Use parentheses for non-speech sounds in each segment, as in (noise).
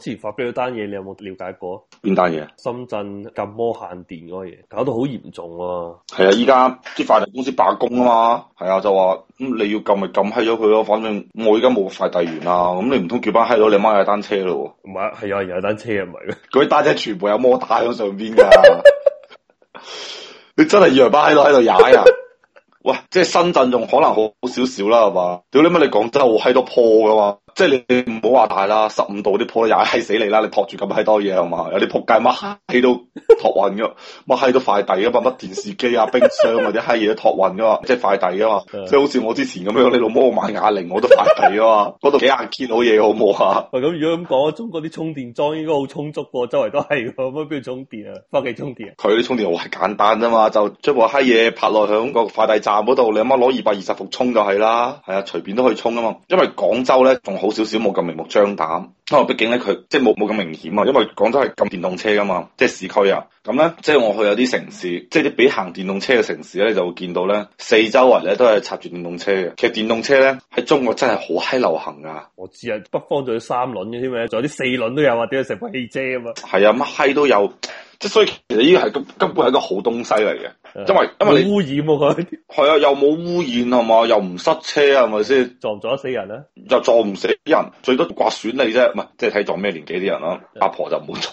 之前發俾你單嘢，你有冇了解過？邊單嘢？深圳禁摩限電嗰個嘢，搞到好嚴重啊！係啊，依家啲快遞公司罷工啊嘛，係啊，就話咁、嗯、你要禁咪禁閪咗佢咯，反正、嗯、我依家冇快遞員啊。咁、嗯、你唔通叫班閪佬你掹下單車咯？唔係，係有人踩單車啊。唔係？嗰啲單車全部有摩打喺上邊噶， (laughs) (laughs) 你真係以為班閪佬喺度踩啊？喂， (laughs) 即係深圳仲可能好，好少少啦係嘛？屌你媽！你廣州好閪多坡噶嘛？即係你唔好話大啦，十五度啲鋪又嗨死你啦！你托住咁嗨多嘢係嘛？有啲仆街乜嗨到托運嘅，乜嗨到快遞嘅，乜乜電視機啊、冰箱或者嗨嘢都托運嘛？即係快遞嘅嘛。的即係好似我之前咁樣，你老母買啞鈴我都快遞嘅嘛。嗰度 (laughs) 幾廿 K 到嘢好唔好啊？咁如果咁講，中國啲充電樁應該好充足，周圍都係咁樣，邊度充電啊？翻屋企充電，啊？佢啲充電好係簡單啊嘛？就將部嗨嘢拍落響個快遞站嗰度，你阿媽攞二百二十伏充就係啦。係啊，隨便都可以充啊嘛。因為廣州咧仲好少少冇咁明目張膽，因為畢竟咧佢即係冇冇咁明顯啊，因為廣州係禁電動車噶嘛，即係市區啊。咁咧即係我去有啲城市，即係啲俾行電動車嘅城市咧，就會見到咧四周圍咧都係插住電動車嘅。其實電動車咧喺中國真係好閪流行噶。我知啊，北方仲有三輪嘅添啊，仲有啲四輪都有啊，點解成部汽車啊嘛。係啊，乜閪都有。即所以，其實呢個係根根本係個好東西嚟嘅，因為的因為你污染啊佢，係啊又冇污染係嘛，又唔塞車係咪先？撞唔撞得死人咧，又撞唔死人，最多刮損你啫，唔係即係睇撞咩年紀啲人咯。阿婆就唔會撞，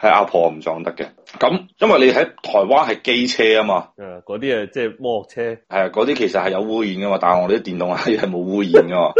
係阿婆唔撞得嘅。咁因為你喺台灣係機車啊嘛，嗰啲誒即係摩托車，係啊嗰啲其實係有污染噶嘛，但係我哋啲電動係係冇污染噶嘛。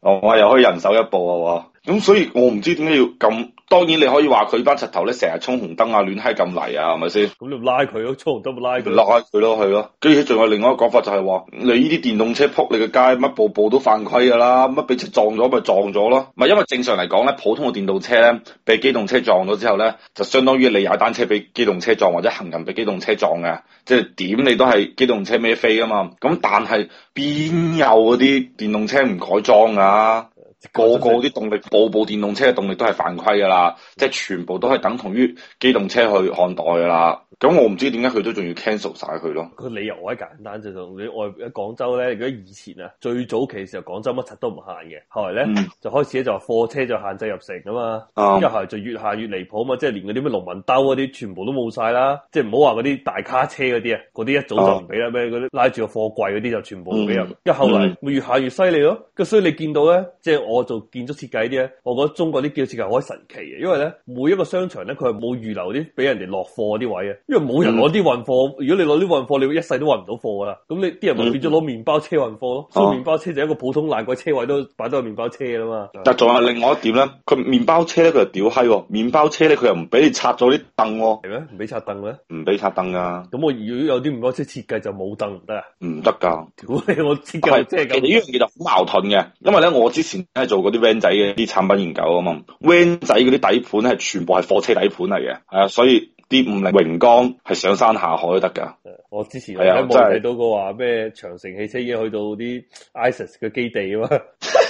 我我 (laughs) (laughs) 又可以人手一部啊。咁、嗯、所以，我唔知點解要咁。當然你可以話佢班柒頭咧，成日衝紅燈啊，亂閪咁嚟啊，係咪先？咁你拉佢咯、啊，衝紅燈拉佢拉佢咯，係咯。跟住仲有另外一個講法就係話，你呢啲電動車撲你嘅街，乜步步都犯規噶啦，乜俾車撞咗咪撞咗咯？咪因為正常嚟講咧，普通嘅電動車咧，俾機動車撞咗之後咧，就相當於你踩單車俾機動車撞或者行人俾機動車撞嘅，即係點你都係機動車孭飛噶嘛。咁但係邊有嗰啲電動車唔改裝噶？個個啲動力，部部電動車嘅動力都係犯規噶啦，即係全部都係等同於機動車去看待噶啦。咁我唔知點解佢都仲要 cancel 晒佢咯？個理由好簡單，就同你外喺廣州咧，如果以前啊，最早期時候廣州乜柒都唔限嘅，後嚟咧、嗯、就開始咧就話貨車就限制入城啊嘛，一係、嗯、就越下越離譜啊嘛，即係連嗰啲咩農民兜嗰啲全部都冇晒啦，即係唔好話嗰啲大卡車嗰啲啊，嗰啲一早就唔俾啦，咩嗰啲拉住個貨櫃嗰啲就全部都俾入，一、嗯、後嚟咪越下越犀利咯。咁所以你見到咧，嗯、即係我做建築設計啲咧，我覺得中國啲建築設計好神奇嘅，因為咧每一個商場咧佢係冇預留啲俾人哋落貨嗰啲位嘅。因為冇人攞啲運貨，嗯、如果你攞啲運貨，你會一世都運唔到貨噶啦。咁你啲人咪變咗攞麵包車運貨咯。嗯、所以麵包車就一個普通爛鬼車位都擺咗個麵包車啦嘛。但仲、嗯、有另外一點咧，佢麵包車咧，佢就屌閪喎。麵包車咧，佢又唔俾你拆咗啲凳喎。係咩？唔俾拆凳嘅？唔俾拆凳噶、啊。咁我如果有啲麵包車設計就冇凳得啊？唔得噶。屌你， (laughs) 我設計即係咁。其實呢樣嘢就好矛盾嘅，因為咧我之前係做嗰啲 van 仔嘅啲產品研究啊嘛。van 仔嗰啲底盤係全部係貨車底盤嚟嘅，係啊，所以。啲五菱榮光係上山下海都得㗎。我之前喺冇睇到過話咩長城汽車已經去到啲 ISIS 嘅基地啊嘛。 (laughs)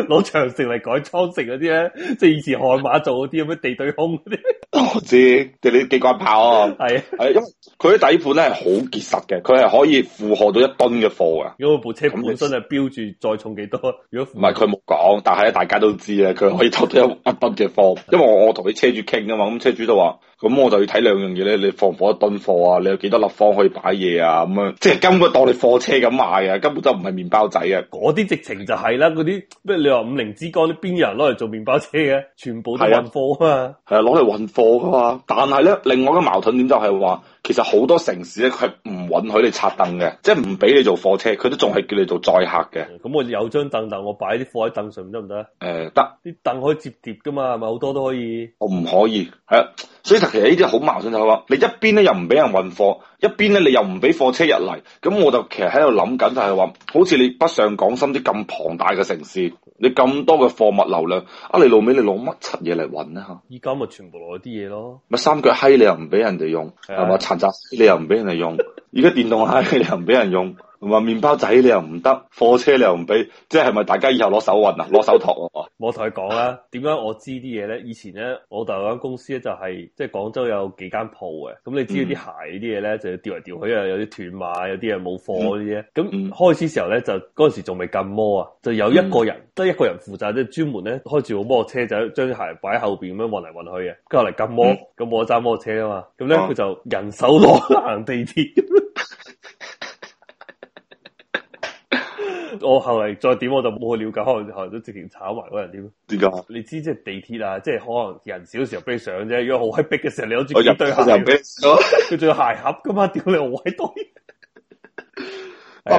攞長城嚟改裝成嗰啲咧，即係以前悍馬做嗰啲咁咩地對空嗰啲。我知，即係你機關炮啊。係，係因為佢啲底盤咧係好結實嘅，佢係可以負荷到一噸嘅貨噶。如果部車本身係標註載重幾多？如果唔係，佢冇講。但係大家都知啊，佢可以托到一噸嘅貨。因為我我同你車主傾噶嘛，咁車主就話，咁我就要睇兩樣嘢咧，你放唔放一噸貨啊？你有幾多立方可以擺嘢啊？咁樣，即係根本當你貨車咁賣啊，根本就唔係麵包仔啊。嗰啲直情就係啦，嗰啲你話五菱之光啲，邊有人攞嚟做麵包車嘅？全部都係運貨啊嘛，係啊，攞嚟運貨噶嘛。但係咧，另外嘅矛盾點就係話，其實好多城市咧，佢係唔允許你拆凳嘅，即係唔俾你做貨車，佢都仲係叫你做載客嘅。咁我有張凳，但我擺啲貨喺凳上得唔得？誒，得。啲凳可以摺疊噶嘛，係咪好多都可以？我唔可以，係啊。所以其實呢啲好矛盾，就係話，你一邊咧又唔俾人運貨，一邊咧你又唔俾貨車入嚟，咁我就其實喺度諗緊，就係話，好似你北上廣深啲咁龐大嘅城市，你咁多嘅貨物流量，啊你老味你攞乜柒嘢嚟運啊吓？依家咪全部攞啲嘢咯，咪三腳閪你又唔俾人哋用，係嘛的殘渣你又唔俾人哋用，而家 (laughs) 電動閪你又唔俾人用。話麵包仔你又唔得，貨車你又唔俾，即係咪大家以後攞手運啊，攞手托啊？我同你講啦，點解我知啲嘢咧？以前咧，我大間公司咧就係即係廣州有幾間鋪嘅，咁你知啲鞋啲嘢咧，就掉嚟掉去，又有啲斷碼，有啲嘢冇貨嗰啲嘢。咁開始時候咧，就嗰時仲未禁摩啊，就有一個人得一個人負責，即係專門咧開住個摩托車仔，將啲鞋擺喺後邊咁樣運嚟運去嘅。跟住後嚟禁摩，咁冇得揸摩托車啊嘛，咁咧佢就人手攞行地鐵。我後嚟再點我就冇去了解，可能後嚟都直情炒埋嗰人點？點解？你知即係地鐵啊，即係可能人少時候畀你上啫，如果好閪逼嘅時候，你攞住幾對鞋，佢仲要鞋盒噶嘛？屌你，好閪多！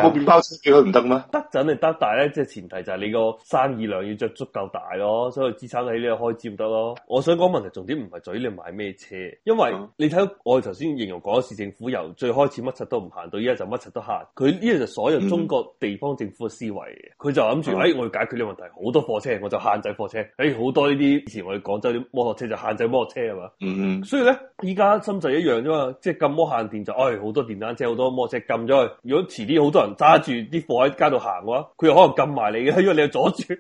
個麵包車佢唔得咩？得就肯定得，但係咧即係前提就係你個生意量要着足夠大咯，所以支撐起呢個開支得咯。我想講問題重點唔係在你買咩車，因為你睇我哋頭先形容廣州市政府由最開始乜柒都唔限到依家就乜柒都限，佢呢樣就所有中國地方政府嘅思維，佢就諗住誒我要解決呢個問題，好多貨車我就限制貨車，誒、哎、好多呢啲以前我哋廣州啲摩托車就限制摩托車係嘛，嗯嗯哼，所以咧依家深圳一樣啫嘛，即係禁摩限電就誒好、哎、多電單車好多摩托車禁咗，去。如果遲啲好多人。揸住啲貨喺街度行嘅話，佢又可能禁埋你嘅，因為你阻住，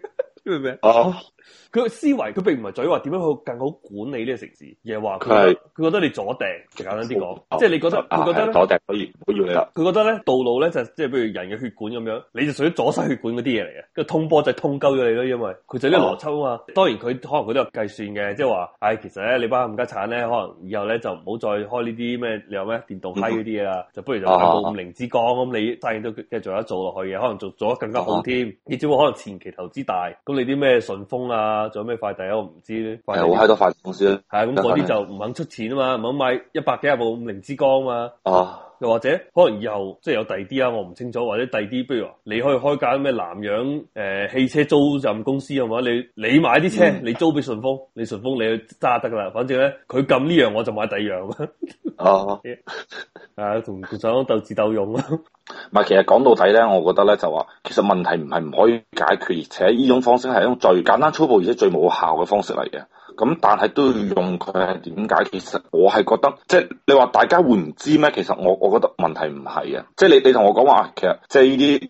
明唔明啊？Huh. 佢思維佢並唔係在於話點樣去更好管理呢個城市，而係話佢係佢覺得你阻掟，簡單啲講，即、就、係、是、你覺得佢覺得阻掟、啊、可以，佢要你啦。佢覺得咧道路咧就即、是、係譬如人嘅血管咁樣，你就屬於阻塞血管嗰啲嘢嚟嘅，個通波就係通鳩咗你咯。因為佢就呢個邏輯啊嘛。當然佢可能佢都有計算嘅，即係話，唉、哎，其實咧你班冚家鏟咧，可能以後咧就唔好再開呢啲咩，你話咩電動梯嗰啲嘢啊，就不如就買部五菱之光咁，嗯、你生意都繼續得做落去嘅，可能做做得更加好添。亦只會可能前期投資大，咁你啲咩順豐啊，仲有咩快遞啊？我唔知。係我喺多快遞公司係咁嗰啲就唔肯出錢啊嘛，唔肯買一百幾廿部五菱之光啊嘛。啊！又或者可能以後即係有第二啲啊，我唔清楚。或者第二啲，譬如話你可以開間咩南洋誒、呃、汽車租賃公司係嘛？你你買啲車，你租俾順豐，嗯、你順豐你去揸得噶啦。反正咧，佢禁呢樣，我就買第二樣。哦、 (laughs) 啊。Yeah. 啊，同局長鬥智鬥勇咯。唔係，其實講到底咧，我覺得咧就話，其實問題唔係唔可以解決，而且呢種方式係一種最簡單粗暴而且最冇效嘅方式嚟嘅。咁但係都要用佢，係點解？其實我係覺得，即係你話大家會唔知咩？其實我我覺得問題唔係啊，即係你你同我講話，啊，其實即係呢啲。嗯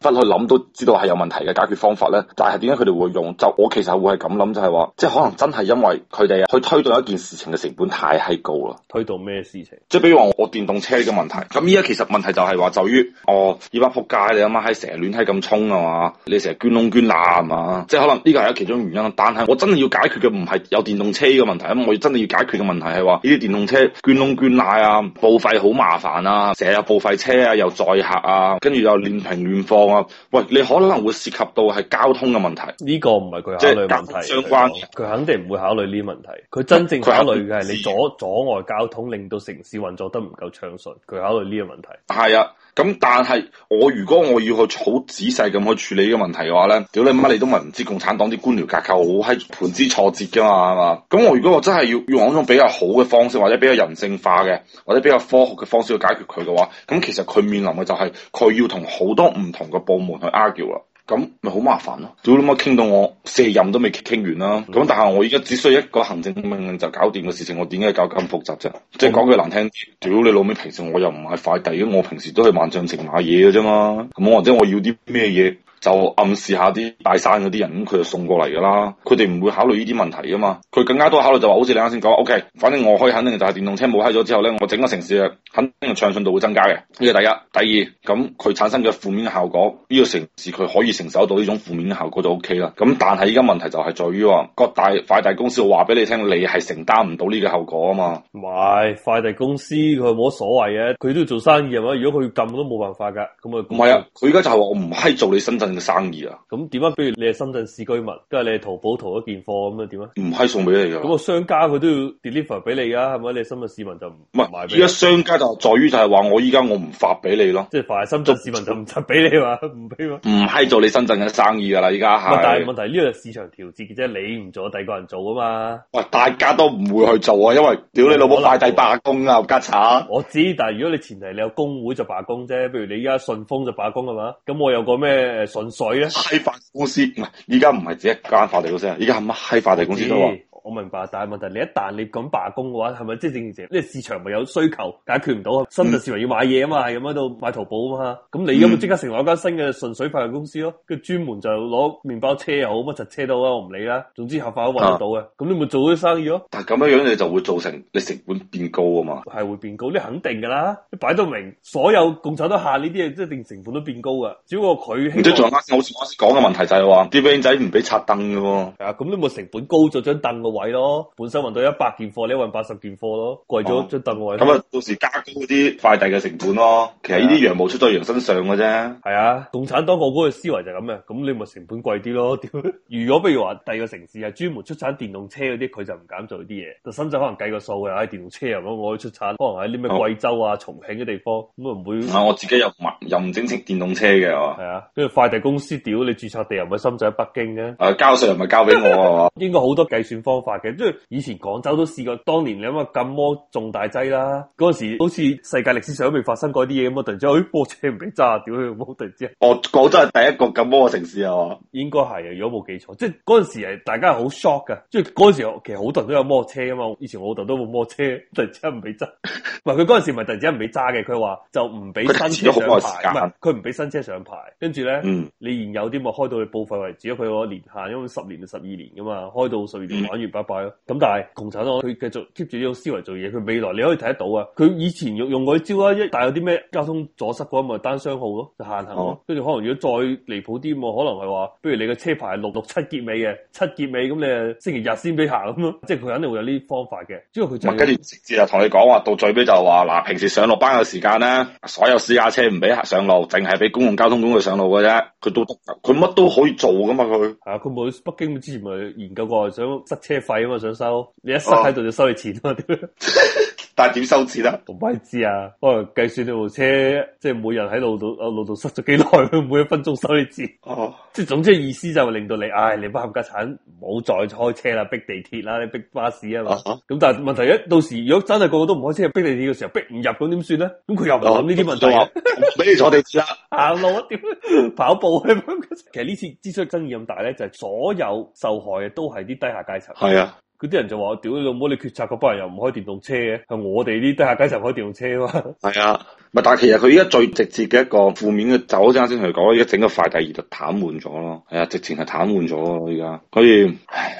分去諗都知道係有問題嘅解決方法咧，但係點解佢哋會用？就我其實會係咁諗，就係、是、話，即係可能真係因為佢哋去推到一件事情嘅成本太係高啦。推到咩事情？即係比如話我電動車嘅個問題，咁依家其實問題就係話就於哦呢班撲街你阿媽閪成日亂閪咁衝啊嘛，你成日、啊、捐窿捐罅啊嘛，即係可能呢個係有其中原因。但係我真係要解決嘅唔係有電動車嘅個問題，咁我真係要解決嘅問題係話呢啲電動車捐窿捐罅啊，報廢好麻煩啊，成日報廢車啊又載客啊，跟住又亂停亂放。我話喂，你可能會涉及到係交通嘅問題。呢個唔係佢考慮問題相關，佢肯定唔會考慮呢啲問題。佢真正考慮嘅係你阻阻礙交通，令到城市運作得唔夠暢順。佢考慮呢個問題。係啊。咁但係我如果我要去好仔細咁去處理呢個問題嘅話咧，屌你乜你都問唔知，共產黨啲官僚架構好喺盤之錯節噶嘛係嘛，咁我如果我真係要，要用一種比較好嘅方式，或者比較人性化嘅，或者比較科學嘅方式去解決佢嘅話，咁其實佢面臨嘅就係佢要同好多唔同嘅部門去 argue 啦。咁咪好麻煩咯，屌你媽，傾到我卸任都未傾完啦、啊。咁但係我而家只需要一個行政命令就搞掂嘅事情，我點解搞咁複雜啫？嗯、即係講句難聽屌你老味，平時我又唔買快遞嘅，我平時都係萬象城買嘢嘅啫嘛。咁我或者我要啲咩嘢？就暗示下啲大山嗰啲人，佢就送過嚟噶啦。佢哋唔會考慮呢啲問題噶嘛。佢更加多考慮就話，好似你啱先講，O K，反正我可以肯定就係電動車冇開咗之後咧，我整個城市啊，肯定暢順度會增加嘅。呢個第一，第二，咁佢產生嘅負面嘅效果，呢、這個城市佢可以承受到呢種負面嘅效果就 O K 啦。咁但係依家問題就係在於話、啊、各大快遞公司話俾你聽，你係承擔唔到呢個後果啊嘛。唔係，快遞公司佢冇乜所謂嘅，佢都要做生意係嘛。如果佢禁都冇辦法噶，咁啊唔係啊，佢而家就係話我唔係做你深圳。生意啊，咁點解？比如你係深圳市居民，即係你係淘寶淘寶一件貨咁樣點啊？唔係送俾你噶，咁個商家佢都要 deliver 俾你噶，係咪？你，你，你深圳市民就唔唔賣俾你？依家商家就在於就係話我依家我唔發俾你咯，即係凡係深圳市民就唔執俾你嘛？唔俾嘛？唔係做你深圳嘅生意噶啦，依家係。但係問題呢個係市場調節嘅啫，你唔做，第二個人做啊嘛。喂，大家都唔會去做啊，因為屌你老母，快遞罷工啊，夾產。我知，但係如果你前提你有工會就罷工啫，譬如你依家順豐就罷工啊嘛，咁我有個咩？純粹啊，批發公司唔係，依家唔係只一間快遞公司啊，依家係乜批快遞公司都我明白，但係問題你一旦你咁罷工嘅話，係咪即係正正呢？市場咪有需求解決唔到啊？深圳市民要買嘢啊嘛，係咁喺度買淘寶啊嘛。咁你有冇、嗯、即刻成立一間新嘅順水快遞公司咯？跟住專門就攞麵包車又好，乜柒車都好，我唔理啦。總之合法都搵得到嘅，咁、啊、你咪做啲生意咯。但係咁樣樣你就會造成你成本變高啊嘛，係會變高，你肯定噶啦，你擺到明，所有共產都下呢啲嘢，即一定成本都變高噶。只不過佢唔即係仲啱先，好似我先講嘅問題就係話啲 van 仔唔俾拆凳噶喎。係啊，咁你咪成本高咗張凳咯。位咯，本身運到一百件貨，你運八十件貨咯，貴咗出凳位。咁啊、哦，到時加高啲快遞嘅成本咯。其實呢啲羊毛出在羊身上嘅啫。係啊，共產黨個嗰個思維就係咁嘅。咁你咪成本貴啲咯。 (laughs) 如果譬如話第二個城市係專門出產電動車嗰啲，佢就唔敢做呢啲嘢。就深圳可能計個數，又喺電動車又咁，我去出產，可能喺啲咩貴州啊、哦、重慶嘅地方，咁唔會。啊，我自己又唔又唔整識電動車嘅，係嘛？啊，跟住快遞公司屌你註冊地又唔喺深圳、喺北京嘅。誒、啊，交稅又唔係交俾我係嘛？ (laughs) (laughs) 應該好多計算方法。發嘅，即係以前廣州都試過，當年你諗下禁摩重大劑啦，嗰時好似世界歷史上都未發生過啲嘢，咁啊！突然之間，哎，摩托車唔俾揸，屌佢！會冇？突然之間，哦，廣州係第一個禁摩嘅城市啊嘛，應該係，如果冇記錯，即係嗰陣時係大家好 shock 噶，即係嗰陣時其實好多人都有摩托車啊嘛，以前我老豆都有部摩托車，突然之間唔俾揸，唔係佢嗰陣時咪突然之間唔俾揸嘅，佢話就唔俾新車上牌，佢唔俾新車上牌，跟住咧，嗯，你現有啲咪開到去報廢為止，佢有年限，因為十年到十二年噶嘛，開到十二年，嗯拜拜咯、啊，咁但係共產黨佢繼續 keep 住呢種思維做嘢，佢未來你可以睇得到啊！佢以前用用嗰招啊，一大有啲咩交通阻塞嗰，咪單雙號咯，就限行咯。跟住，哦、可能如果再離譜啲可能係話，譬如你嘅車牌係六六七結尾嘅七結尾，咁，嗯、你啊星期日先俾行咁咯。即係佢肯定會有呢方法嘅，因為佢跟住直接就同你講話到最尾就話嗱，平時上落班嘅時間咧，所有私家車唔俾上路，淨係俾公共交通工具上路嘅啫。佢都佢乜都可以做噶嘛，佢啊，佢冇北京之前咪研究過，想塞車。費啊嘛，想收你一塞喺度就收你錢啊！ (laughs) 快點收錢啦！同我一支啊，幫我計算呢部車，即係每人喺路度，路度塞咗幾耐，每一分鐘收你錢。哦、啊，即係總之意思就令到你，唉、哎，你冚家產，唔好再開車啦，逼地鐵啦，你逼巴士啊嘛。咁、啊、但係問題一到時，如果真係個個都唔開車，逼地鐵嘅時候逼唔入，咁點算咧？咁佢又唔諗呢啲問題。俾你坐地鐵啦， (laughs) 行路啊，點跑步，嗯？其實呢次之所以爭議咁大咧，就係、是、所有受害嘅都係啲低下階層。係啊。的嗰啲人就話：屌你老母，你決策嗰班人又唔開電動車嘅，係我哋啲低下階層開電動車啊嘛。係 (laughs) 啊，唔但係其實佢而家最直接嘅一個負面嘅，就好似啱先同你講，而家整個快遞業就癱瘓咗咯。係啊，直情係癱瘓咗咯，而家。所以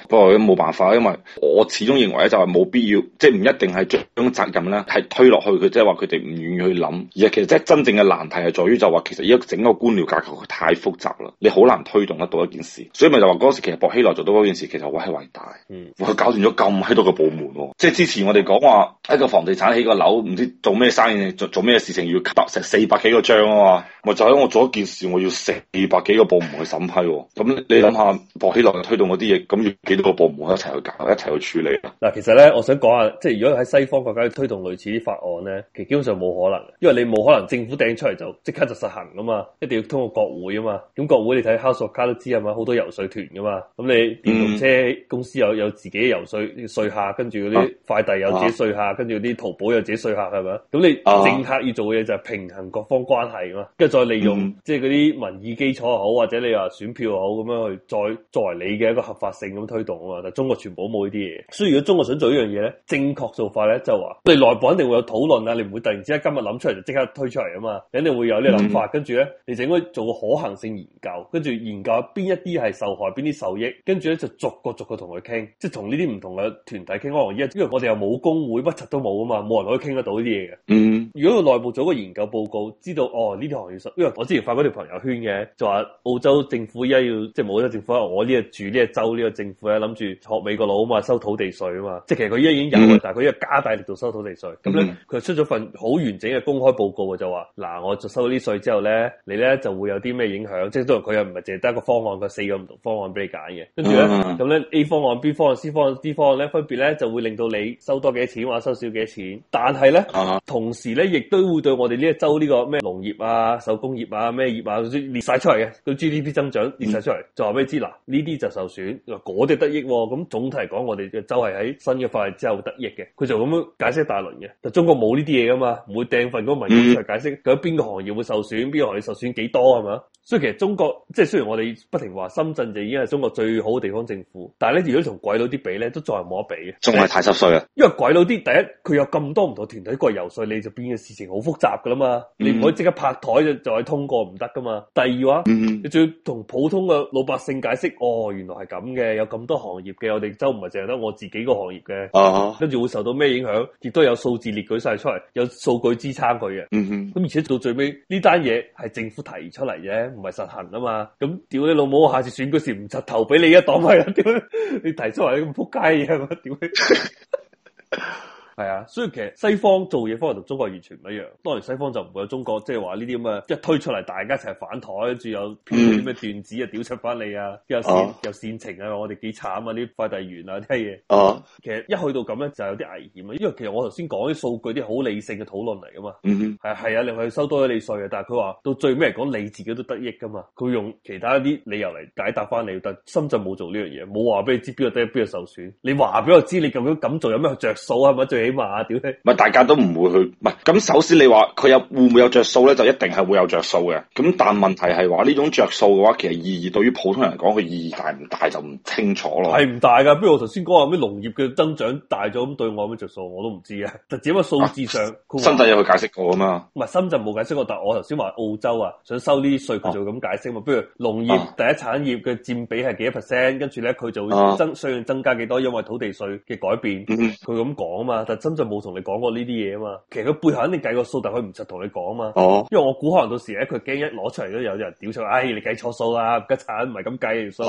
不過都冇辦法，因為我始終認為咧就係冇必要，即係唔一定係將責任咧係推落去佢，即係話佢哋唔願意去諗。而其實真真正嘅難題係在於就話，其實而家整個官僚架構佢太複雜啦，你好難推動得到一件事。所以咪就話嗰時其實薄熙來做到嗰件事其實偉大。嗯。變咗咁閪多個部門、啊，即係之前我哋講話一個房地產起個樓，唔知做咩生意，做做咩事情要得成四百幾個章啊嘛？咪就喺、是，我做一件事，我要成二百幾個部門去審批、啊。咁、嗯嗯、你諗下，博起落又推動嗰啲嘢，咁要幾多個部門一齊去搞，一齊去處理啊？嗱，其實咧，我想講下，即係如果喺西方國家推動類似啲法案咧，其實基本上冇可能，因為你冇可能政府掟出嚟就即刻就實行噶嘛，一定要通過國會啊嘛。咁國會你睇 House of Cards 都知係嘛，好多游水團噶嘛。咁你電動車公司有有自己游、嗯。稅要稅下，跟住嗰啲快遞有自己稅下，跟住啲淘寶有自己稅下，係咪？咁你政客要做嘅嘢就係平衡各方關係啊嘛，跟住再利用即係嗰啲民意基礎又好，或者你話選票又好，咁樣去再作為你嘅一個合法性咁推動啊嘛。但中國全部冇呢啲嘢，所以如果中國想做呢樣嘢咧，正確做法咧就係話，你內部肯定會有討論啊，你唔會突然之間今日諗出嚟，就即刻推出嚟啊嘛，你一定會有呢啲諗法，嗯、跟住咧你應該做個可行性研究，跟住研究邊一啲係受害，邊啲受益，跟住咧就逐個逐個同佢傾，即係同呢啲。唔同嘅團體傾，我而家因為我哋又冇工會，乜柒都冇噶嘛，冇人可以傾得到呢啲嘢嘅。嗯、mm，hmm. 如果佢內部做一個研究報告，知道哦呢條行業實，因為我之前發嗰條朋友圈嘅，就話澳洲政府而家要即係澳洲政府，我呢個住呢、呢個州呢個政府咧諗住學美國佬啊嘛，收土地稅啊嘛，即係其實佢而家已經有，mm hmm. 但係佢而家加大力度收土地稅。咁咧佢出咗份好完整嘅公開報告就話，嗱、mm hmm.，我就收咗啲稅之後咧，你咧就會有啲咩影響，即係都佢又唔係淨係得一個方案，佢有四個唔同方案俾你揀嘅，跟住咧咁咧 A 方案、B 方案、C 方案。啲方案咧，分別咧就會令到你收多幾錢，或者收少幾錢。但係咧，嗯、同時咧，亦都會對我哋呢個州呢個咩農業啊、手工業啊、咩業啊，列晒出嚟嘅個 GDP 增長列晒出嚟。嗯、就話俾你知啦，呢啲就受損，嗰啲得益、啊。咁總體嚟講，我哋嘅州係喺新嘅法之後得益嘅。佢就咁樣解釋大輪嘅。但中國冇呢啲嘢噶嘛，唔會掟份嗰文件出嚟解釋，究竟邊個行業會受損，邊個行業受損幾多係嘛？所以其實中國即係雖然我哋不停話深圳就已經係中國最好嘅地方政府，但係咧如果同鬼佬啲比咧，都再冇得比嘅，仲係太濕碎啊！因為鬼佬啲第一佢有咁多唔同團體過嚟游説，你就變嘅事情好複雜㗎啦嘛，嗯、你唔可以即刻拍枱就就去通過唔得㗎嘛。第二話、啊，嗯、你仲要同普通嘅老百姓解釋，哦，原來係咁嘅，有咁多行業嘅，我哋都唔係淨係得我自己個行業嘅，啊、跟住會受到咩影響，亦都有數字列舉晒出嚟，有數據支撐佢嘅。咁、嗯嗯、而且到最尾呢單嘢係政府提出嚟嘅。唔係實行啊嘛，咁屌你老母，下次選舉時唔擲頭俾你一擋埋啊，屌你！你提出嚟咁扑街啊，我屌你！ (laughs) (laughs) 係啊，所以其實西方做嘢方法同中國完全唔一樣。當然西方就唔會有中國即係話呢啲咁嘅一推出嚟，大家一齊反台，仲有編啲咩段子啊，屌柒翻你啊，又煽煽情啊，我哋幾慘啊，啲快遞員啊啲嘢。哦、啊，其實一去到咁咧，就有啲危險啊。因為其實我頭先講啲數據啲好理性嘅討論嚟噶嘛。嗯哼，係係啊，令佢、啊、收多咗你稅啊。但係佢話到最尾嚟講你自己都得益噶嘛。佢用其他啲理由嚟解答翻你，但深圳冇做呢樣嘢，冇話俾你知邊個得益邊個受損。你話俾我知你咁樣咁做,做有咩着數係咪最？話屌係大家都唔會去，唔係咁。首先你話佢有會唔會有着數咧，就一定係會有着數嘅。咁但問題係話呢種着數嘅話，其實意義對於普通人嚟講，佢意義大唔大就唔清楚咯。係唔大噶，不如我頭先講話咩農業嘅增長大咗咁對我有咩着數，我都唔知啊。就只不過數字上，啊、說深圳有佢解釋過啊嘛。唔係深圳冇解釋過，但係我頭先話澳洲啊，想收呢啲稅佢就咁解釋嘛。不如農業第一產業嘅佔比係幾多 percent，、啊、跟住咧佢就會增需要、啊、增加幾多，因為土地稅嘅改變，佢咁講啊嘛。真就冇同你講過呢啲嘢啊嘛，其實佢背後肯定計過數，但佢唔實同你講啊嘛，哦、因為我估可能到時咧佢驚一攞出嚟都有人屌出嚟，唉、哎，你計錯數啦，吉產唔係咁計數，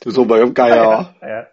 條數唔係咁計啊，係 (laughs) 啊。